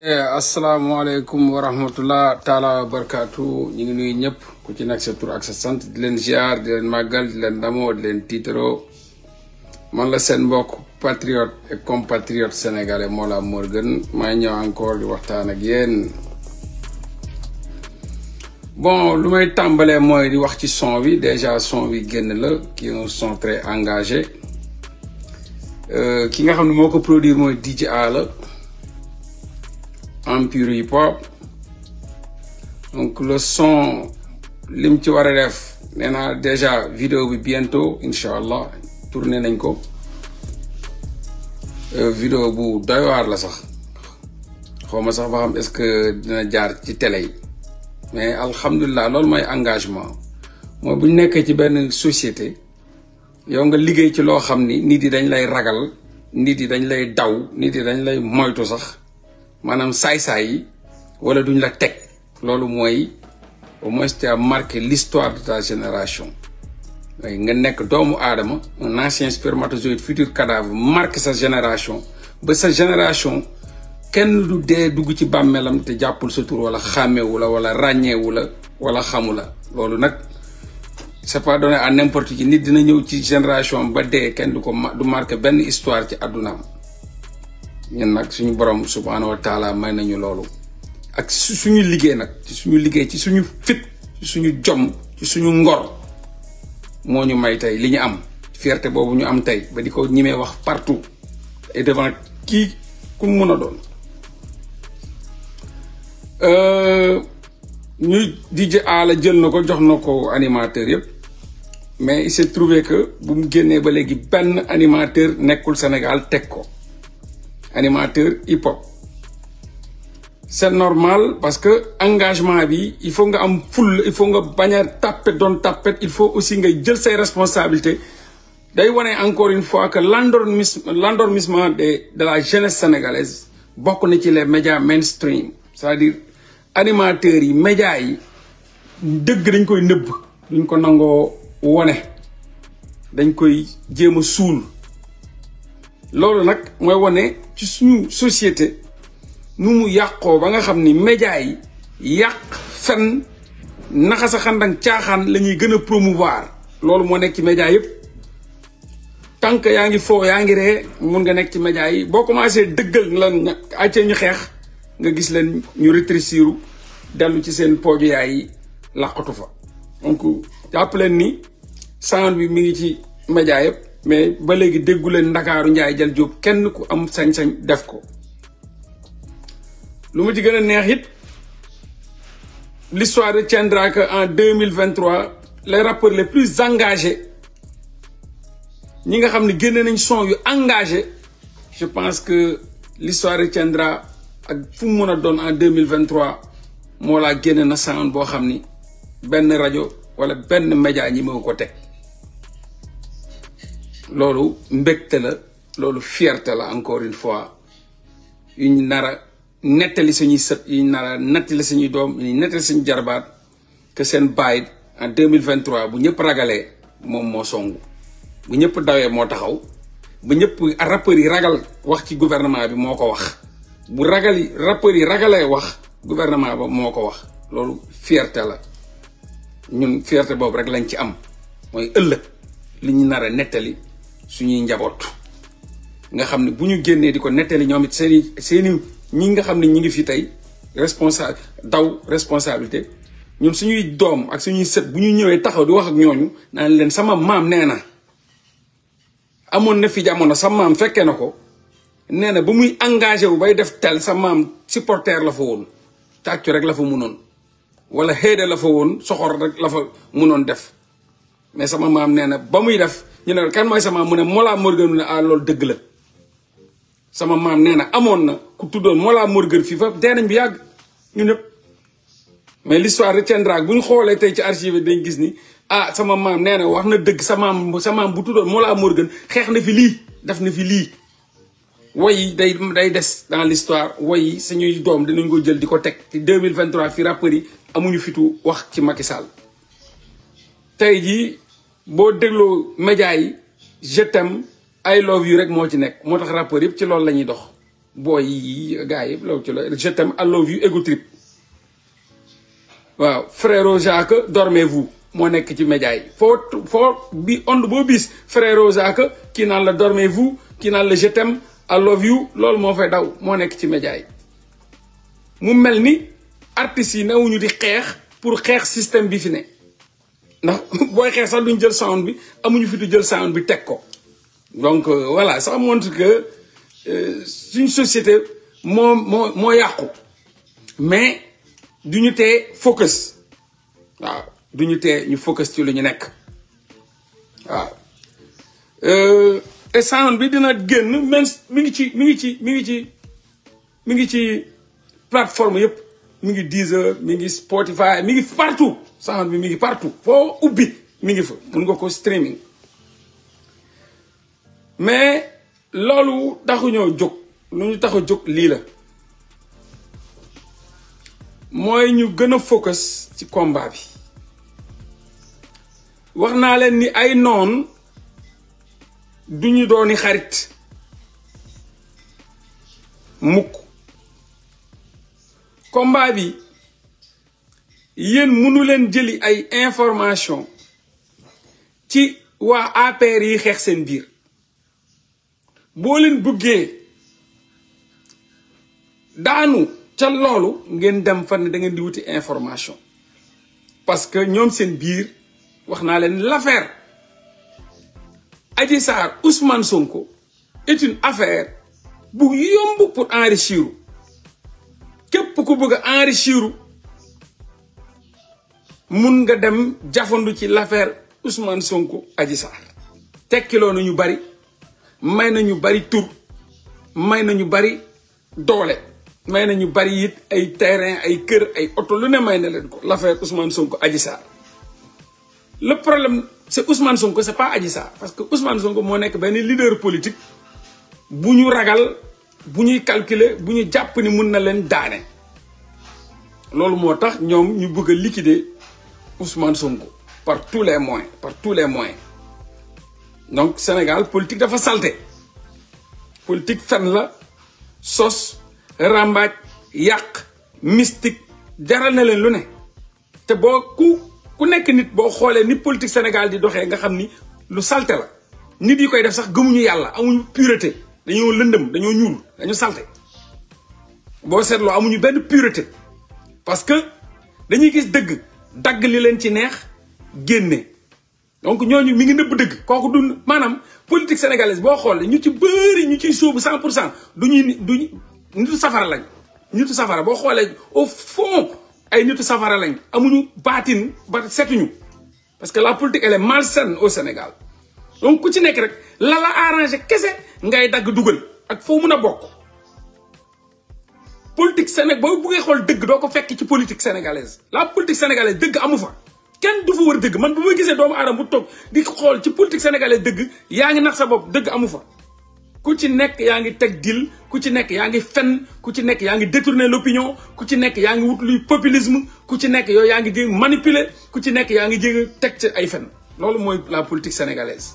Eh, asalaamaaleykum wa rahmatullah taala wa barakaatu ñu ngi nuyu ku ci nekk sa tur ak sant di leen ziar di leen màggal di leen damoo di leen tiitaroo man la seen mbokk patriote et compatriote sénégalais Mollah Morgun maa ñëw encore di waxtaan ak yéen bon lu may tàmbalee mooy di wax ci son bi déjà son bi génn la qui est un son très engagé euh, ki nga xam ne moo ko produire mooy DJ A la en pure hip hop donc le son lim ci wara a def nena déjà vidéo bientôt la tourner comment vidéo bu doy la sax xoma sax ba xam est-ce que dina jaar ci télé mais lol moy engagement moy buñ je ci ben société yow nga liggéey ci que xamni nit yi dañ lay ragal nit yi dañ lay daw nit yi dañ lay moytu sax manam say say yi wala duñ la teg loolu mooy au moins tu marqué l'histoire de ta génération nga nekk doomu un ancien spermatozoïde futur cadavre marque sa génération ba sa génération kenn du dee dugg ci bàmmeelam te jàppul sa wala xàmmeewu la wala la wala pas donné à n'importe qui dina génération ba kenn du marqué histoire ci ñen nak suñu borom subhanahu wa taala may nañu lolu ak suñu liggé nak ci suñu liggé ci suñu fit ci suñu jom ci suñu ngor moñu may tay liñu am fierté bobu ñu am tay, ba diko ko wax partout et devant ki ku mëna a euh ñu DJ Ala jël nako ko jox nako animateur yëpp mais il s'est trouvé que bu mu génné ba légui ben animateur nekkul Sénégal tek ko animateur hip hop c'est normal parce que engagement vie, il faut nga am full il faut nga bañ a dans doon il faut aussi nga jël ses responsabilités day wane encore une fois que l'endormissement de de la jeunesse sénégalaise bokk na ci les médias mainstream c'est-à-dire animateurs yi médias yi dëgg dañ koy nëbb duñ ko nangoo wone dañ koy jéem a suul loolu nag ci suñu société nu mu yàqoo ba nga xam ni médias yi yàq fen naxa sa xandang caaxaan la ñuy gën a promouvoir loolu moo nekk ci médias yëpp tant yaa ngi foo yaa ngi ree mun nga nekk ci médias yi boo commencé dëggal lan àccee ñu xeex nga gis leen ñu rétrécir dellu ci seen pooju yaay yi làqatu fa donc jàpp leen ni sound bi mi ngi ci médias yëpp mais ba légui déggu leen ndakaaru njaay jal jóob kenn ku am sañ-sañ def ko luma ci gëna a neex it l'histoire Tiendra que en 2023 les rappeurs les plus engagés ñi nga xam ne nañ son yu engagé je pense que l'histoire Tiendra ak fu mëna mën doon en 2023 mo la gënë na sound bo xamni ben radio wala ben média ñi mëngo ko teg. loolu mbégte la loolu fierté la encore une fois yuñ nar a nettali suñuy sët yuñ nar a nettali suñuy doom yuñ nettali suñu jarbaat seen baay en mille vingt bu ñëpp ragalee moom moo songu ñëpp dawee moo taxaw bu ñëpp rappeurs yi ragal wax ci gouvernement bi moo ko wax bu ragal yi rappeurs yi ragalee wax gouvernement ba moo ko wax loolu fierté la ñun fierté boobu rek lañ ci am mooy ëllëg li ñu nar a nettali suñuy njaboot nga xam ne bu ñu génnee di ko nettali ñoom it seeni i ñi nga xam ne ñi ngi fi tey responsa daw responsabilité ñun suñuy doom ak suñuy set bu ñu ñëwee taxaw di wax ak ñooñu naan leen sama maam nee na amoon na fi jamono sa maam fekkee na ko nee na ba muy engagé wu bay def tell sa maam supporter la fa woon tàccu rek la fa munoon wala xéede la fa woon soxor rek la fa munoon def mais sama maam nee na ba muy def ñu ne kan mooy sama mu ne Mollah Morgun ne ah loolu dëgg la sama nee na amoon na ku tuddoon Mollah Morgun fii fa dee bi yàgg ñu ñëpp mais l'histoire retiendra bu ñu xoolee tey ci archive dañ gis ni ah sama maam nee wax na dëgg sa maam sa maam bu tuddoon Mollah Morgun xeex na fi lii def na fi lii woy yi day day des dans l'histoire woy yi suñuy doom danañ ko jël di ko teg ci 2023 fi rappeurs yi amuñu fitu wax ci Macky Sall tey jii boo dégloo média yi je t'aime I love you rek moo ci nekk moo tax rappeur yëpp ci loolu la ñuy dox booy yi gars ci loolu je t'aime I love you ego trip waaw frérot Jacques dormez-vous moo nekk ci média yi foo foo bi ond boo bis frérot Jacques kii naan la dormez-vous kii naan la je t'aime I love you loolu moo fay daw moo nekk ci média yi mu mel ni artistes yi newuñu di xeex pour xeex système bi fi ne non booy xeex a sound bi amuñu fi du sound donc euh, voilà ça montre que c'est euh, une société moins mo mais nous focus wa duñu té ñu focus ci lu ñu euh, bi dina plateforme mi ngi Deezer mi ngi Spotify mi ngi partout sound bi mi ngi partout foo ubbi mi ngi fa mun nga ko streaming mais loolu taxuñoo jóg lu ñu tax jóg lii la mooy ñu gën a focus ci komba bi wax naa leen ni ay noon duñu ñu dooni xarit mukk combat bi yéen mënu leen jëli ay information ci waa APR yi xeex seen biir boo leen bëggee daanu ca loolu ngeen dem fan ne dangeen di wuti information parce que ñoom seen biir wax naa leen l'affaire aji Sarr Ousmane Sonko est une affaire bu yomb pour enrichir képp ko bëgg a enrichiru mun nga dem jafandu ci l'affaire Ousmane Sonko Adji Sarr tekkiloo ñu bari may na ñu bari tur may nañu bari doole may nañu bari it ay terrain ay kër ay oto lu ne may na leen ko l'affaire Ousmane Sonko aji Sarr le problème c'est Ousmane Sonko c'est pas Adji Sarr parce que Ousmane Sonko moo nekk benn leader politique bu ñu ragal bu ñuy calculer bu ñu jàpp ni mun na leen daane loolu moo tax ñoom ñu bëgg a liquider Ousmane Sonko par tous les moyens par tous les moyens donc Sénégal politique dafa salte politique fen la sos rambaaj yàq mystique jaral na leen lu ne te boo ku ku nekk nit boo xoolee ni politique Sénégal di doxee nga xam ni lu salte la nit yi koy def sax gëmuñu yàlla amuñu pureté dañoo lëndëm dañoo ñuul dañu salte boo seetloo amuñu benn pureté parce que dañuy gis dëgg dagg li leen ci neex génne donc ñooñu mi ngi nëbb dëgg kooku du maanaam politique sénégalaise boo xoolee ñu ci bëri ñu ci sóobu cent pour cent du ñuy du nitu safara lañ nitu safara boo xoolee au ay nitu safara lañ amuñu baatin ba setuñu parce que la politique elle est malsaine au Sénégal donc ku ci nekk rek lala la arrangé kese ngay dagg dugal ak foo mën a bokk politique sénégal boo buggee xool dëgg doo ko fekk ci politique sénégalaise la politique sénégalaise dëgg amu fa kenn du fa war dëgg man bu ma gisee doomu aadama bu toog di xool ci politique sénégalaise dëgg yaa ngi nax sa bopp dëgg amu fa ku ci nekk yaa ngi teg dil ku ci nekk yaa ngi fen ku ci nekk yaa ngi détourner l'opinion ku ci nekk yaa ngi wut luy populisme ku ci nekk yooyu yaa ngi jéem manipuler ku ci nekk yaa ngi jéem teg ci ay fen loolu mooy la politique sénégalaise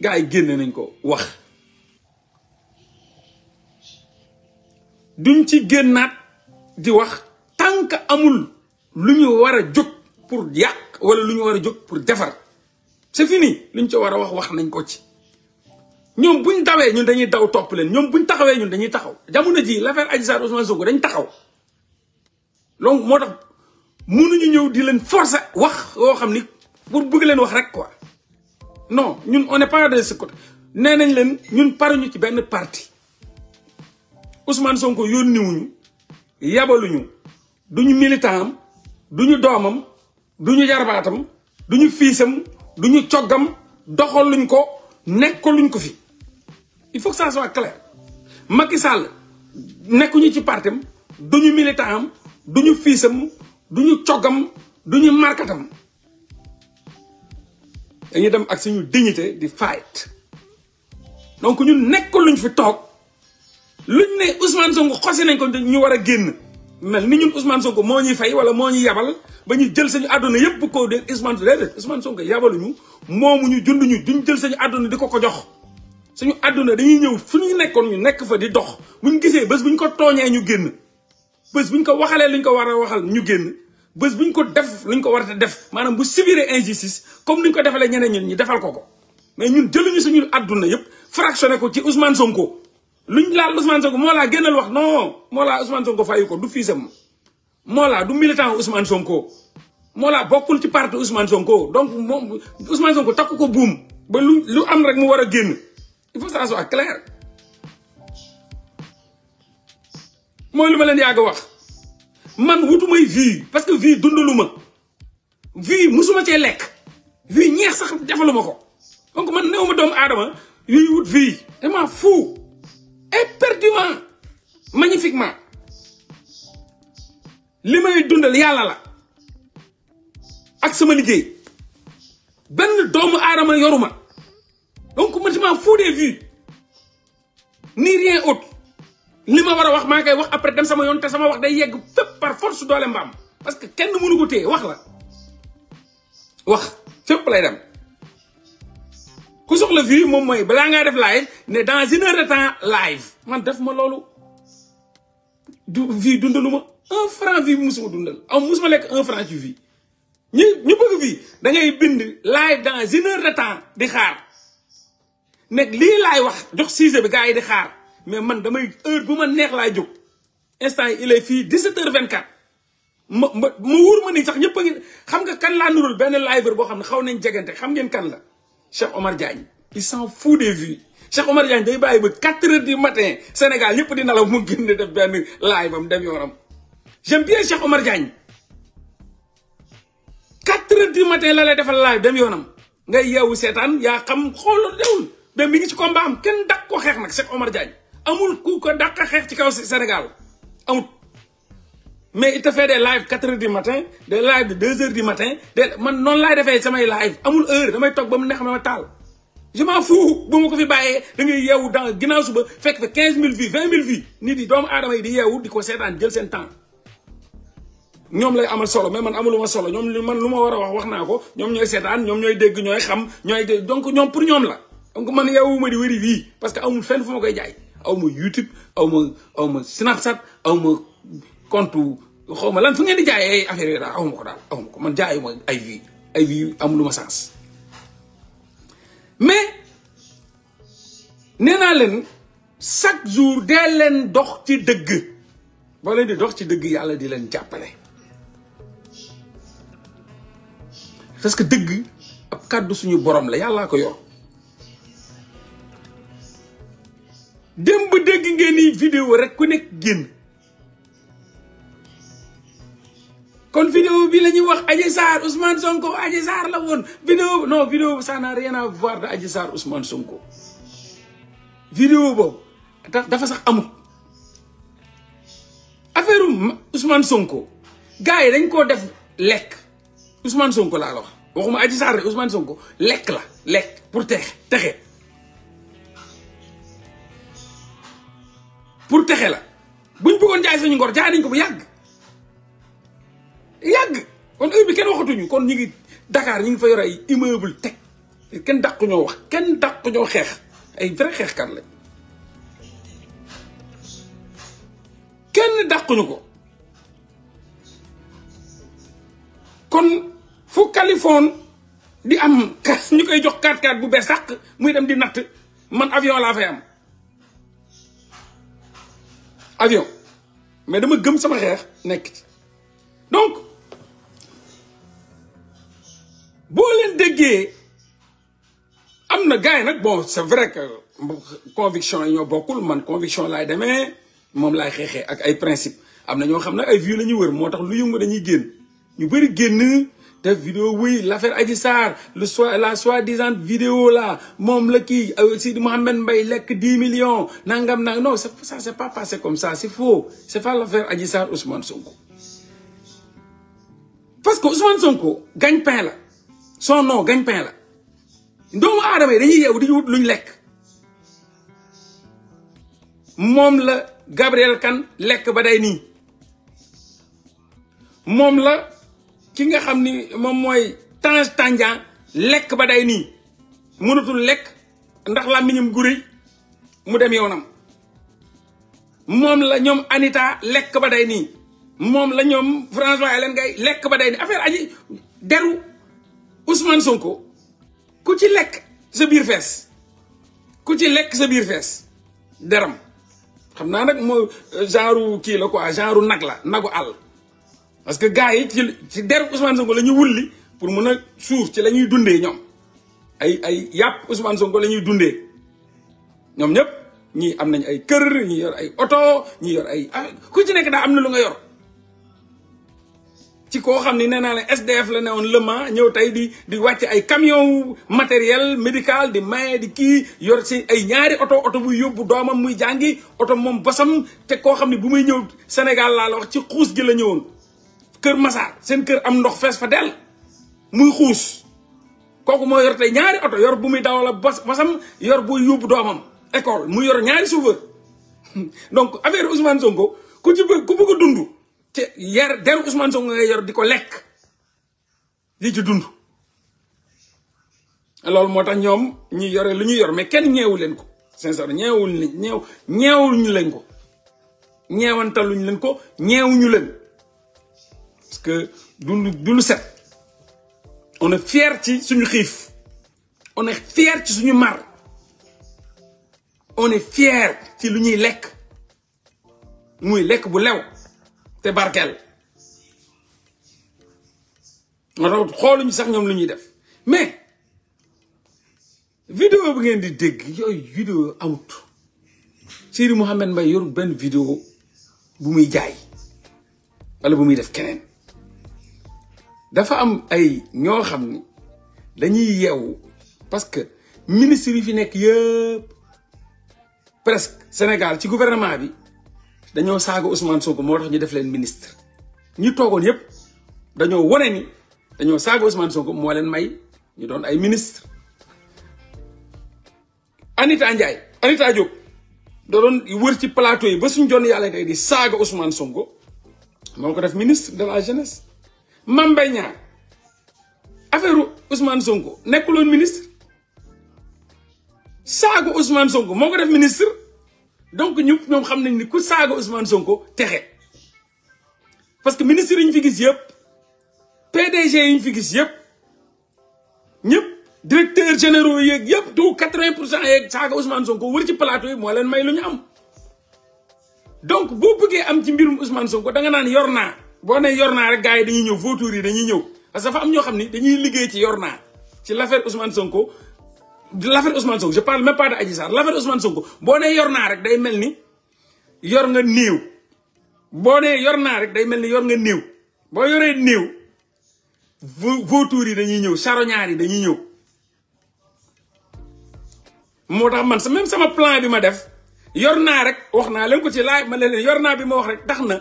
gaa yi génne nañ ko wax duñ ci génnaat di wax tant amul lu ñu war a jóg pour yàq wala lu ñu war a jóg pour defar c'est fini luñ ci war a wax wax nañ ko ci ñoom bu ñu dawee ñun dañuy daw topp leen ñoom buñ taxawee ñun dañuy taxaw jamono ji l'affaire Adji Sarr Ousmane Sonko dañ taxaw donc moo tax mënuñu ñëw di leen forcer wax woo xam ni pour bëgg leen wax rek quoi non ñun on n'est pas nee nañ leen ñun paruñu ci benn parti Ousmane Sonko yónniwuñu yabaluñu duñu militant am duñu doomam duñu jarbaatam duñu fiisam duñu coggam doxaluñ ko nekkaluñ ko fi il faut que ça soit clair Macky nekkuñu ci partam duñu militant am duñu fiisam duñu coggam duñu markatam dañuy dem ak suñu dignité di fight donc ñun nekk luñ fi toog luñ ne Ousmane Sonko xose nañ ko ñu war a génn mel ni ñun Ousmane Sonko moo ñuy fay wala moo ñuy yabal ba ñu jël sañu àdduna yëpp ko de Ousmane déedéet Ousmane moomu ñu moomuñu ñu duñ jël sañu àdduna di ko ko jox suñu àdduna dañuy ñëw fu ñu nekkoon ñu nekk fa di dox buñ gisee bu ñu ko tooñee ñu génn bés buñ ko waxalee luñ ko war a waxal ñu génn bés bu ñu ko def lu ko war def maanaam bu subiree injustice comme ni ñu ko defalee ñeneen ñun ñu defal ko ko mais ñun jëluñu suñu àdduna yëpp fractionné ko ci Ousmane Sonko ñu laal Ousmane Sonko moo laa génnal wax non moo laa Ousmane ko fayu ko du fiisam moo laa du militant Ousmane Sonko moo laa bokkul ci parti Ousmane Sonko donc moom Ousmane ko takku ko buum ba lu lu am rek mu war a génn il faut que ça soit clair mooy lu ma leen yàgg wax. man may vie parce que vie dunduluma vie musuma vie ñeex sax donc man neewuma vie. adama wut vie ma fou éperdument magnifiquement dundal la ak sama yoruma donc ma fou des vues, ni rien autre li ma war a wax maa koy wax après dem sama yoon te sama wax day yegg fépp par force doole mbaam parce que kenn mënu ko téye wax la wax fépp lay dem ku soxla fii moom mooy balaa ngay def live ne dans une heure de temps live man def ma loolu du vie dundalu ma un franc vie musuma dundal am musuma lekk un franc ci vie ñu ñu bëgg fii da bind live dans une heure de temps di xaar nekk lii laay wax jox siise bi gaa yi di xaar mais man damay heure buma neex laay juk instant il est fi 17h24 ma ma wour ma ni sax ñepp ngi xam nga kan la nurul ben liveur bo xamne xaw nañ jégenté xam ngeen kan la Cheikh Omar Diagne. il s'en fout des vues Cheikh Omar Diagne day bàyyi ba 4h du matin Sénégal ñepp di nalaw mu génn def ben live am dem yoram j'aime bien Cheikh Omar Diagne 4h du matin la lay defal live dem yonam ngay yewu setan ya xam xoolal dewul be mi ngi ci combat am ken dak ko xex nak Cheikh Omar Diagne. amul ku ko ci Sénégal amul mais il te fait des live 4 heures du matin des live de 2 heures du matin man non lay live amul heure damay tok bam je m'en fous ko fi baye da ngay dans suba fek ans. quinze vues vues di di ko temps lay amal solo mais man amuluma solo man luma wara wax ans. ko ans. ñoy xam ñoy donc ñom pour ñom la donc man di wéri wi parce que amul fenn fu koy aw ma YouTube aw ma aw ma Snapchat aw ma compte xaw ma lan fu ngeen di jaay ay affaire yooyu daal aw ma ko daal aw ma ko man jaayu ma ay vie ay vie ma sens mais nee naa leen chaque jour dee leen dox ci dëgg boo leen di dox ci dëgg yàlla di leen jàppale parce que dëgg ab kàddu suñu borom la yàllaa ko yor démb dégg ngeen ni vidéo rek ku nekk génn kon vidéo bi lañuy wax Adji Sarr Ousmane Sonko Adji saar la woon vidéo non vidéo ça n'a rien à voir de Adji Sarr Ousmane Sonko vidéo boobu dafa sax amul affaire Ousmane Sonko gars yi dañ koo def lekk Ousmane Sonko laalo la wax waxuma Adji Sarr rek Ousmane Sonko lekk la lekk pour texe texe pour texe la buñ bëggoon jaay suñu ngor jaay nañ ko bu yàgg yàgg kon heure bi kenn waxatuñu kon ñu ngi Dakar ñu ngi fa yor ay immeuble teg kenn dàq wax kenn dàq ñoo xeex ay vrai xeexkat lañ kenn dàquñu ko kon fu Californie di am ñu koy jox 4 x bu bees sàq muy dem di natt man avion laa fa am avion mais dama gëm sama xex nek ci donc bo leen amna gaay nak bon c'est vrai que conviction ñoo man conviction lay démé mom lay xexé ak ay principe amna xam ay vues lañu wër motax lu dañuy génn ñu bari des vidéos, oui l'affaire Adji le soir la soi-disant vidéo là mon qui a aussi Mohamed Mbaye Lek 10 millions nangam nang non c'est ça c'est pas passé comme ça c'est faux c'est pas l'affaire Adji Ousmane Sonko parce que Ousmane Sonko gagne-pain là. son nom gagne-pain là. Il aadama a dañuy yeewu dañuy luñ la Gabriel Kane lekk ba day ki nga xam ni moom mooy Tange Tandian lekk ba day nii mënatul lekk ndax la gu rëy mu dem yoonam moom la ñoom Anita lekk ba day nii moom la ñoom François Hélène Gaye lekk ba day nii affaire aji deru Ousmane Sonko ku ci lekk sa biir fees ku ci lekk sa biir fees deram xam naa nag moo genre kii la quoi genre nag la nagu àll parce que gars yi ci ci deru Ousmane Sonko la wulli pour suuf ci la ñuy dundee ay ay yap Ousmane Sonko la ñuy dundee ñoom ñëpp am nañ ay kër ñi yor ay auto, ñi yor ay ah, ku ci nekk daa am na lu nga yor ci koo xam ne la SDF la newoon lëma ñëw tey di di wàcc ay camion matériel médical di maye di yor si ay ñaari auto auto buy yóbbu doomam muy jàngi auto moom bosam te koo xam ne bu muy ñëw Sénégal la wax ci gi la keur Massar seen keur am ndox fess fa del muy xuus kooku mo yor tay ñaari auto yor bu muy dawala bas basam yor bu yub domam école muy yor ñaari chauffeur donc affaire Ousmane Sonko ku ci ku bëgg dund ci yar der Ousmane Sonko nga yor diko lek li ci dund loolu motax ñom ñi yoré lu ñu yor mais kenn ñeewu len ko sincère ñew ñewul ñu len ko ñewantaluñ len ko parce que du du lu set on est fier ci suñu xif on est fier ci suñu mar on est fier ci luñuy lek lekk muy lekk bu lew té barkel ma tax xooluñu sax ñoom luñuy def mais vidéo bu ngeen di dégg yoy vidéo amut Seydi Mouhamed Mbaye yor ben vidéo bu muy jaay wala bu muy def keneen dafa am ay ñoo xam ni dañuy yeewu parce que ministre yi fi nekk yëpp presque Sénégal ci gouvernement bi dañoo saaga Ousmane Sonko moo tax ñu def leen ministre ñi toogoon yëpp dañoo wone ni dañoo saaga Ousmane Sonko moo may ñu doon ay ministre Anita Ndiaye Anita Diop da doon wër ci plateau yi ba suñ joon yàlla tey di saaga Ousmane songo moo ko def ministre de la jeunesse Mame Mbaye Niang affaire Ousmane Sonko nekkuloon ministre saaga Ousmane Sonko moo ko def ministre donc ñu ñoom xam nañ ni ku saaga Ousmane Sonko texe parce que ministre yi ñu fi gis yëpp PDG yi ñu fi gis yëpp ñëpp directeur généraux yeeg yëpp du quatre-vingt pour cent yeeg saaga Sonko wër ci plateau yi moo leen may lu ñu am donc boo bëggee am ci mbirum Ousmane Sonko da nga naan yor naa. boo ne yor naa rek gars yi dañuy ñëw vautours yi dañuy ñëw parce que dafa am ñoo xam ni dañuy liggéey ci yor naa ci l'affaire Ousmane Sonko l'affaire Ousmane Sonko je parle même pas de Adji Sarr l'affaire Ousmane Sonko boo nee yor naa rek day mel ni yor nga néew boo yor naa day mel ni yor nga néew boo yoree néew vautours yi dañuy ñëw ñaar yi dañuy ñëw moo tax man sa même sama plan bi ma def yor naa rek wax naa leen ko ci laaj ma ne leen yor naa bi ma wax rek tax na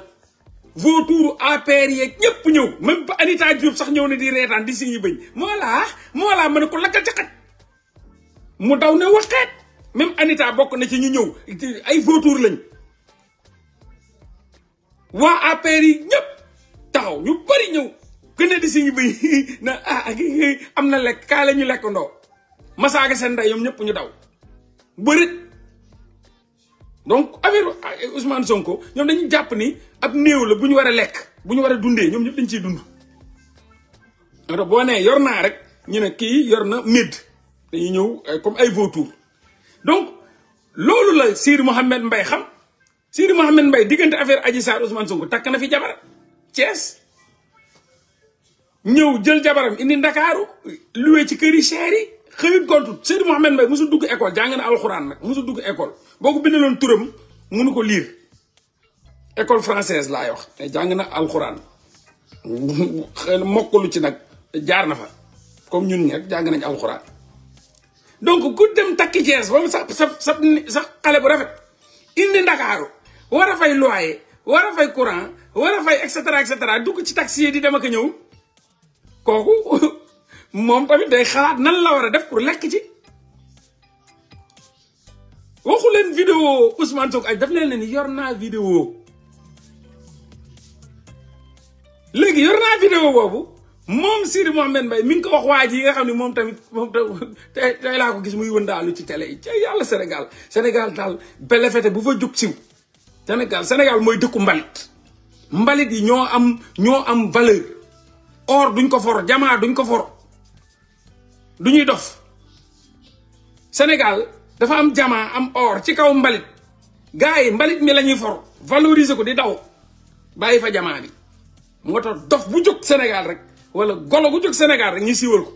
vautour APR yeeg ñëpp ñëw même ba Anita Diop sax ñëw na di reetaan di signé bañ moo laa moo laa ma ne ko lakkal ca xaj mu daw ne waxeet même Anita bokk na ci ñu ñëw ay vautour lañ waa APR yi ñëpp taxaw ñu bari ñëw gën a di signé bañ na ah am na lekk kaa la ñu lekk ndoo masaaga seen ndey ñoom ñëpp ñu daw bërit donc affaire euh, Ousmane Sonko ñoom dañuy jàpp ni ab néew la bu ñu war a lekk bu ñu war a dundee ñoom ñëpp dañ ciy dund. alors boo nee yor naa rek ñu ne kii yor na mid dañuy ñëw euh, comme ay vautour donc loolu la Sir Mohamed mbay xam Sir Mohamed Mbaye diggante affaire Adji Sarr Ousmane Sonko takk na fi jabar Thiès ñëw jël jabaram indi Ndakaaru luwe ci kër yi cher yi. xëyut gontu Seydou Mohamed Mbaye musul dugg école jàng na alxuraan nag musul dugg école boo ko bindaloon turam mënu ko liir école française laay wax te jàng na alxuraan mokkalu ci nag jaar na fa comme ñun ñi jàng nañ alxuraan donc ku dem takki Cees ba mu sa sa sa xale bu rafet indi Ndakaaru war a fay loyer war a fay courant war a fay et cetera et cetera dugg ci taxi yi di dem ak ñëw kooku moom tamit day xalaat nan la war a def pour lekk ci waxu leen vidéo Ousmane Sonko ay daf leen la ni yor naa vidéo léegi yor naa vidéo boobu moom Sidi Mohamed Mbaye mi ngi ko wax waa ji yi nga xam ne moom tamit moom tey tey laa ko gis muy wëndaalu ci télé yi ca yàlla Sénégal Sénégal daal belefete bu fa jub siw Sénégal Sénégal mooy dëkku mbalit mbalit yi ñoo am ñoo am valeur or duñ ko for jamaa duñ ko for du ñuy dof Sénégal dafa am jamaa am or ci kaw mbalit gars yi mbalit mi la ñuy for valoriser ko di daw bàyyi fa jamaa bi moo tax dof bu jóg Sénégal rek wala golo gu jóg Sénégal rek ñu siiwal ko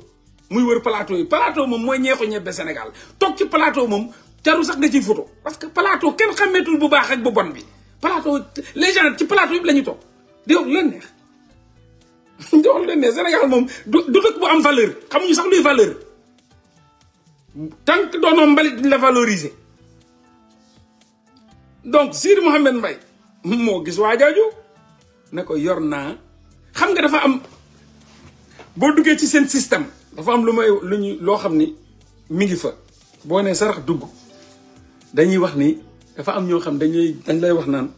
muy wër plateau yi plateau moom mooy ñeexu ñebbe Sénégal toog ci plateau moom jaru sax nga ciy photo parce que plateau kenn xàmmeetul bu baax ak bu bon bi plateau les gens ci plateau yëpp la ñuy toog di wax lu neex nga wax leen ne Sénégal moom du du dëkk bu am valeur ñu sax luy valeur tant que doonoo mbalit la valoriser donc Sir Mohamed Mbaye moo gis waa jooju ne ko yor naa xam nga dafa am boo duggee ci seen système dafa am lu may lu ñuy loo xam ni mi ngi fa boo nee sarax dugg dañuy wax ni dafa am ñoo xam dañuy dañ lay wax naan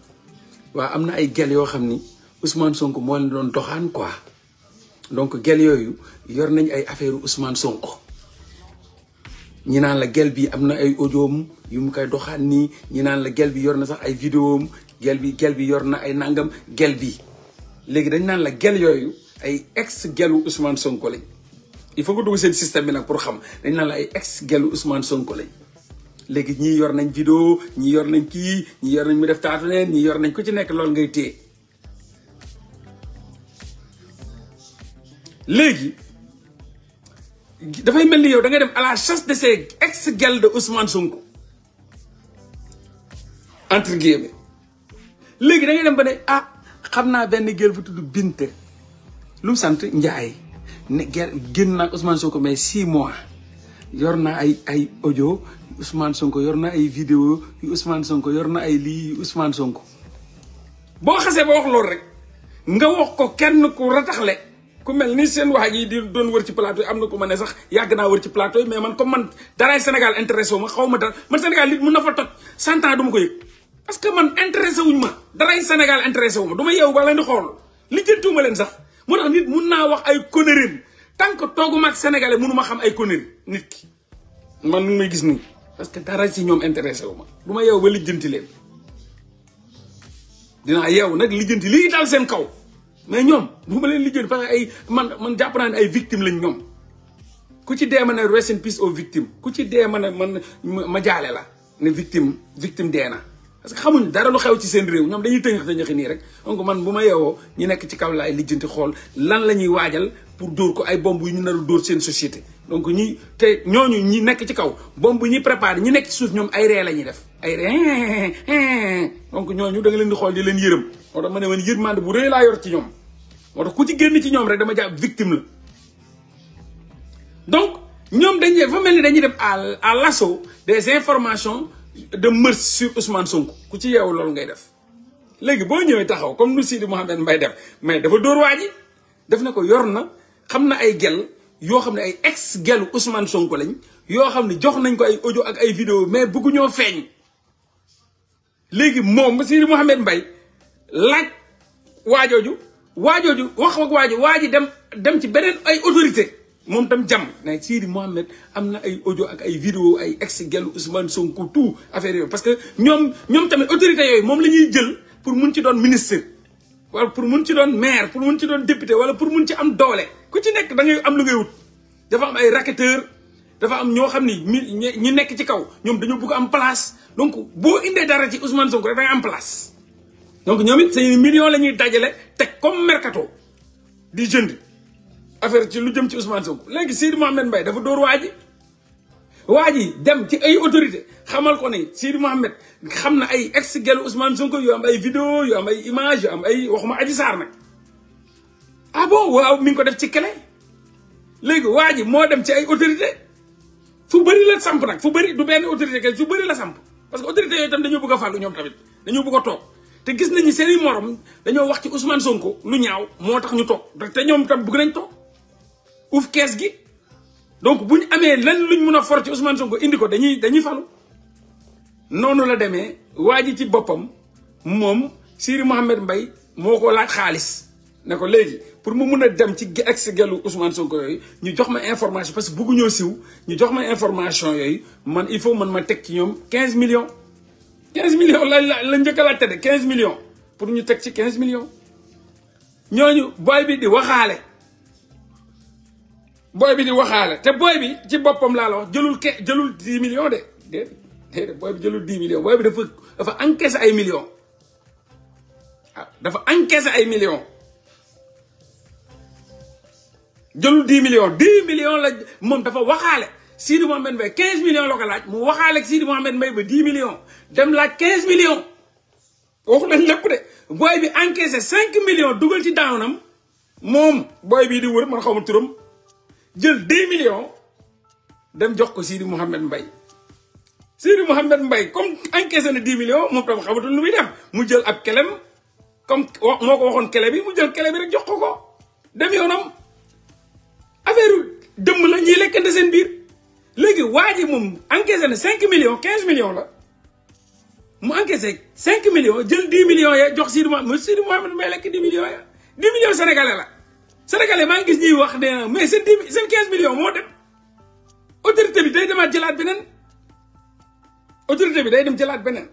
waa am na ay gel yoo xam ni. Ousmane Sonko moo leen doon doxaan quoi donc gel yooyu yor nañ ay affaire Ousmane Sonko ñi naan la gel bi am na ay audioom yu mu koy doxaan nii ñi naan gel bi yor na sax ay vidéoom gel bi gel bi yor na ay nangam gel bi léegi dañ naan la gel yooyu ay ex gelu Ousmane Sonko lañ il faut dugg seen système bi nag pour xam dañ naan la ay ex gelu Ousmane Sonko lañ léegi ñii yor nañ vidéo ñii yor nañ kii ñii yor nañ mu def taatu neen ñii yor nañ ko ci nekk loolu ngay téye léegi dafay mel ni yow da dem à la chasse de ces ex-gel de Ousmane Sonko entre guillemets léegi da dem ba ne ah xam naa benn gel bu tudd Binte lu sant Njaay ne gel génn naa Ousmane mais si mois yor na ay ay ojo Ousmane Sonko yor na ay vidéo yu Ousmane Sonko yor na ay lii yu Ousmane Sonko boo xasee ba wax loolu rek nga wax ko kenn ku rataxle ku mel ni seen wax yi di doon wër ci plateau yi am na ko ma ne sax yàgg naa wër ci plateau yi mais man comme man daraay Sénégal intéressé ma xaw ma dara man Sénégal nit mun na fa toj cent ans ma ko parce que man intéressé wuñ ma daraay Sénégal intéressé wu ma du ma yeewu ba leen di xool lijjantiwuma leen sax moo tax mun naa wax ay conneries tant que tooguma ak sénégalais mënu ma xam ay conneries nit ki man nu may gis nii parce que dara ci ñoom intéressé wu ma du ma yeewu ba lijjanti leen dinaa yeewu nag lijjanti lii dal seen kaw mais ñoom bu ma leen liggéey parce ay man man jàpp naa ne ay victimes lañ ñoom ku ci dee ma ne rest in peace aux victimes ku ci dee ma ne man ma jaale la ne victime victime dee na parce que xamuñ dara lu xew ci seen réew ñoom dañuy tëñax tëñaxi nii rek donc man bu ma yeewoo ñu nekk ci kaw laay lijjanti xool lan la ñuy waajal pour dóor ko ay bomb yu ñu naru dóor seen société donc ñi te ñooñu ñi nekk ci kaw bomb ñi préparé ñi nekk ci suuf ñoom ay ree la ñuy def ay ree donc ñooñu da nga leen di xool di leen yërëm moo ma ne woon yërmande bu rëy laa yor ci ñoom moo tax ku ci génn ci ñoom rek dama jàpp victime la donc ñoom dañuy dafa mel ni dañuy dem à à l'assaut des informations de mœurs sur Ousmane Sonko ku ci yeewu loolu ngay def léegi boo ñëwee taxaw comme nu Sidi Mouhamed mbay def mais dafa dóor waa ji def na ko yor na xam na ay gel yoo xam ne ay ex gelu Ousmane Sonko lañ yoo xam ne jox nañ ko ay ojo ak ay vidéo mais bëgguñoo feeñ léegi moom Sidi Mouhamed mbay laaj waajooju waajooju wax ak waaji waa ji dem dem ci beneen ay autorité moom tam jàmm ne Sidi Mohamed am na ay audio ak ay vidéo ay ex gelu Ousmane Sonko tout affaire yooyu parce que ñoom ñoom tamit autorité yooyu moom la ñuy jël pour mun ci doon ministre wala pour mun ci doon maire pour mun ci doon député wala pour mun ci am doole ku ci nekk da am lu ngay wut dafa am ay racketeur dafa am ñoo xam ni ñi nekk ci kaw ñoom dañoo bugg am place donc boo indee dara ci Ousmane Sonko rek da ngay am place donc ñoom it seen millions la ñuy dajale teg comme mercato di jënd affaire ci lu jëm ci Ousmane Sonko léegi Sidi Mohamed Mbaye dafa dóor waa ji waa ji dem ci ay autorité xamal ko ne Sidi Mohamed xam na ay ex gelu Ousmane Sonko yu ay vidéo yu am ay image yu am ay waxuma Adji Sarr nag ah bon waaw mi ko def ci clé léegi waa ji moo dem ci ay autorité fu bëri la samp nag fu bëri du benn autorité kay fu bëri la samp parce que autorité yooyu tam dañoo bëgg a ñoom tamit dañoo bëgg a toog te gis nañu seeni morom dañoo wax ci Ousmane Sonko lu ñaaw moo tax ñu toog te ñoom tam bugg nañ toog uuf kees gi donc bu ñu amee lan luñ mun a for ci Sonko indi ko dañuy dañuy falu noonu la demee waa ji ci boppam moom Siri Mohamed mbay moo ko laaj xaalis ne ko léegi pour mu mun a dem ci ex gelu Ousmane Sonko yooyu ñu jox ma information parce que bëgguñoo siw ñu jox ma information yooyu man il faut man ma teg ci ñoom 15 millions. 15 millions la tête, de 15 millions pour ñu teg ci 15 millions Nous boy bi di waxaale Boy bi di te boy bi ci boppam la wax jëlul jëlul 10 millions de Dé Nous jëlul 10 millions Nous bi dafa dafa encaissé ay millions ah, dafa Nous ay millions jëlul 10 millions 10 millions la Nous dafa Sidi Mohamed Mbaye 15 millions la ko laaj mu waxaale ak Sidi Mohamed Mbaye ba 10 millions dem laaj 15 millions waxu leen lépp de booy bi encaissé cinq millions dugal ci daanam moom booy bii di wër man xaw ma turam jël 10 millions dem jox ko Sidi Mohamed Mbaye. Sidi Mohamed mbay comme encaissé na 10 millions moom tam xamatul lu muy def mu jël ab kelem comme moo ko waxoon kele bi mu jël kele bi rek jox ko ko dem yoonam affaire dëmm la ñuy lekkante seen biir. léegi waa ji moom encaissé na 5 millions 15 millions la mu encaissé 5 millions jël 10 millions ya jox Sidi Mohamed Sidi lekk 10 millions ya 10 millions sénégalais la sénégalais maa ngi gis ñuy wax ne mais seen 10 seen 15 moo dem autorité bi day demaat jëlaat beneen autorité bi day dem jëlaat beneen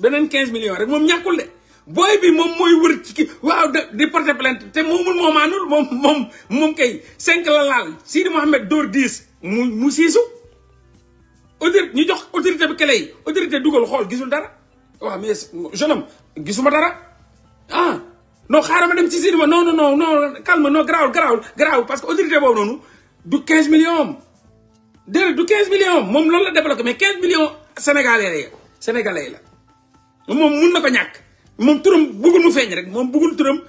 beneen 15 millions rek moom ñàkkul de booy bi moom mooy wër ci kii waaw di porter plainte te moomul moomaanul moom moom moom kay 5 la laal Sidi Mohamed dóor 10. mu mu siisu autorité ñu jox autorité bi clé yi autorité dugal xool gisul dara waaw mais jeune homme gisuma dara ah non xaaral ma dem ci cinéma non non non non calme non garaawul garaawul garaawul parce que autorité boobu noonu du 15 millions am déedéet du 15 millions moom loolu la débloqué mais 15 millions sénégalais la sénégalais la moom mun na ko ñàkk moom turam bëggul mu feeñ rek moom bëggul turam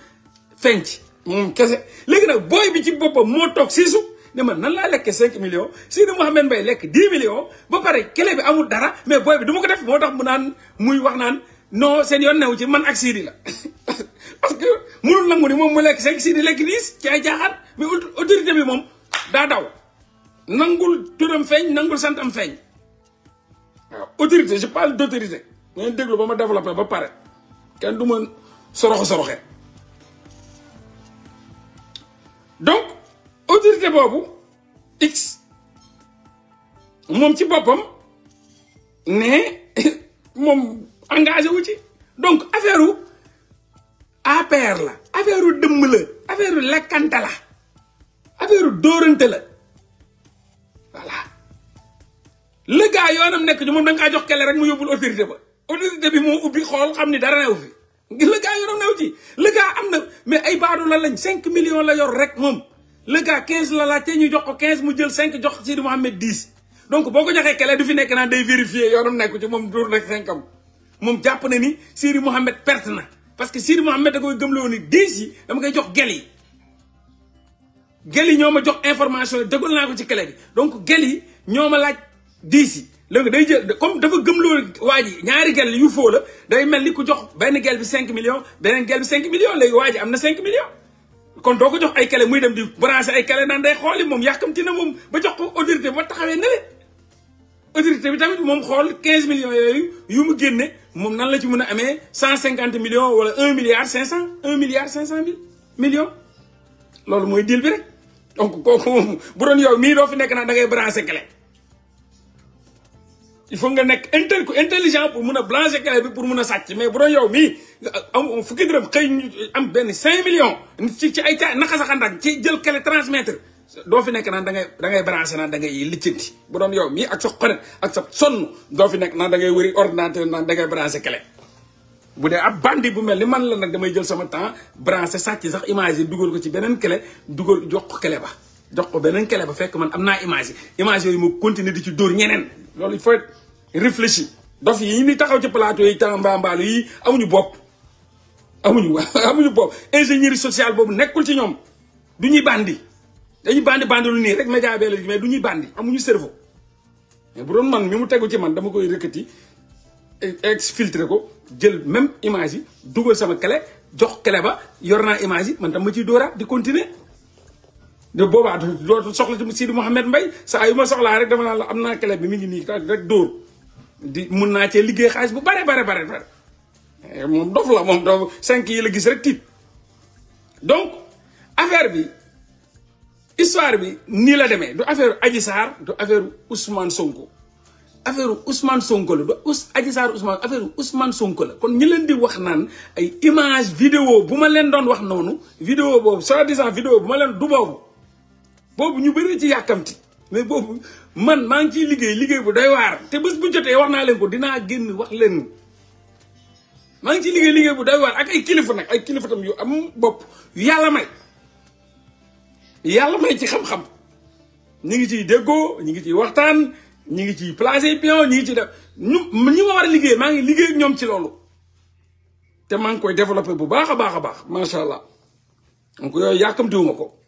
feeñ ci moom kese léegi nag booy bi ci boppam moo toog siisu. ne ma nan la lek 5 millions sidou Mouhamed Mbaye lek 10 millions ba pare kële bi amul dara mais boy bi du ko def motax mu nan muy wax nan non sen yon newu ci man ak Sidi la. parce que mënul nangu ni mom mu lek 5 Sidi lek 10 ci ay jaaxaat mais autorité bi mom da daw nangul turam feñ nangul santam feñ autorité je parle d' autorité. ngeen déglu ba ma ba pare ken du ma soroxo soroxe donc autorité boobu x mom ci bopam né mom engagé wu ci donc affaire u APR la affaire u dëmm la affaire u lekkante la affaire u dorante la voilà le gars yoonam nek ci mom da nga jox kele rek mu yobul autorité ba autorité bi mo ubi xol xamni ni dara new fi le gars yoonam new ci le gars am mais ay baadu la lañ cinq millions la yor rek mom le gars 15 la laajte ñu jox ko 15 mu jël 5 jox ko Sidi Mohamed 10 donc boko joxé joxee du fi nek naan day vérifier yoonam nek ci mom dur nag 5 am Mom japp na ni Sidi Mohamed perte na parce que Sidi Mohamed da koy gëm lo ni 10 yi dama koy jox gel yi. gel yi ñoo jox information yi na ko ci kele bi donc gel yi ñoo laaj 10 yi léegi day jël comme dafa gëm lo waji ñaari gel yu fo la day mel ni ku jox ben gel bi 5 millions benen gel bi 5 millions lay waji amna 5 millions. kon doo ko jox ay clé muy dem di branché ay clé naan day xooli moom yàkkamti na moom ba jox ko autorité bi ba taxawee ne autorité bi tamit moom xool quinze millions yooyu yu mu génne moom nan la ci mun a amee cent 150 millions wala un milliard 500 1 milliard 500 mille millions. loolu mooy deal bi rek donc kooku moom bu doon yow mii doo fi nekk naa da ngay branché kele il faut nga nek intelligent pour mun blanger kay bi pour mun a mais bro yow mi am fukki dërëm xëy am ben 5 millions nit ci ci ay caa naka sa xandak ci jël kele transmettre do fi nek nan da ngay da ngay brancher nan da ngay liccenti bu doon yow mi ak sa xonet ak sa son do fi nek nan da ngay wëri ordinateur nan da ngay brancher kele bu dé ab bandi bu melni man la nak damay jël sama temps brancher sàcc sax image duggal ko ci benen kele duggal jox ko kele ba jox ko benen kele ba fekk man amna image image yoy mo continuer di ci dóor ñenen lolou il faut réfléchi dof yi ni taxaw ci plateau yi tam mbaambaalu yi amuñu bopp amuñu amuñu bopp ingénierie sociale boobu nekkul ci ñoom du ñuy bandi dañu bandi bandi nii rek média bee la mais du ñuy bandi amuñu cerveau mais bu doon man mi mu tegu ci man dama koy rëkkati exfiltré ko jël même image yi dugal sama clé jox clé ba yor naa image yi man tam ma ciy dóoraat di continuer de boobaa dootu soxla ci Sidi Mouhamed Mbaye saa yu ma soxlaa rek dama naan la am naa clé bi mi ngi nii rek dóor di mun naa cee liggéey xaalis bu bare bare bare bare eh, moom dof la moom dof cinq yi la gis rek tiit donc affaire bi histoire bi nii la demee du affaire Adji Sarr du affaire Ousmane Sonko affaire Ousmane Sonko la du us Adji Sarr Ousmane affaire Ousmane Sonko la kon ñi leen di wax naan ay image vidéo bu ma leen doon wax noonu vidéo boobu soi-disant vidéo bu ma leen du boobu boobu ñu bëri ci yàkkamti mais boobu man maa ngi ciy liggéey liggéey bu doy waar te bés bu jotee wax naa leen ko dinaa génn wax leen maa ngi ciy liggéey liggéey bu doy waar ak ay kilifa nag ay kilifa tam yu am bopp yàlla may yàlla may ci xam-xam ñu ngi ciy déggoo ñu ngi ciy waxtaan ñu ngi ciy placé pion ñu ngi ci def ñu ñi ma war a liggéey maa ngi liggéey ñoom ci loolu te maa ngi koy développé bu baax a baax a baax macha allah donc yooyu yàkkamtiwuma ko.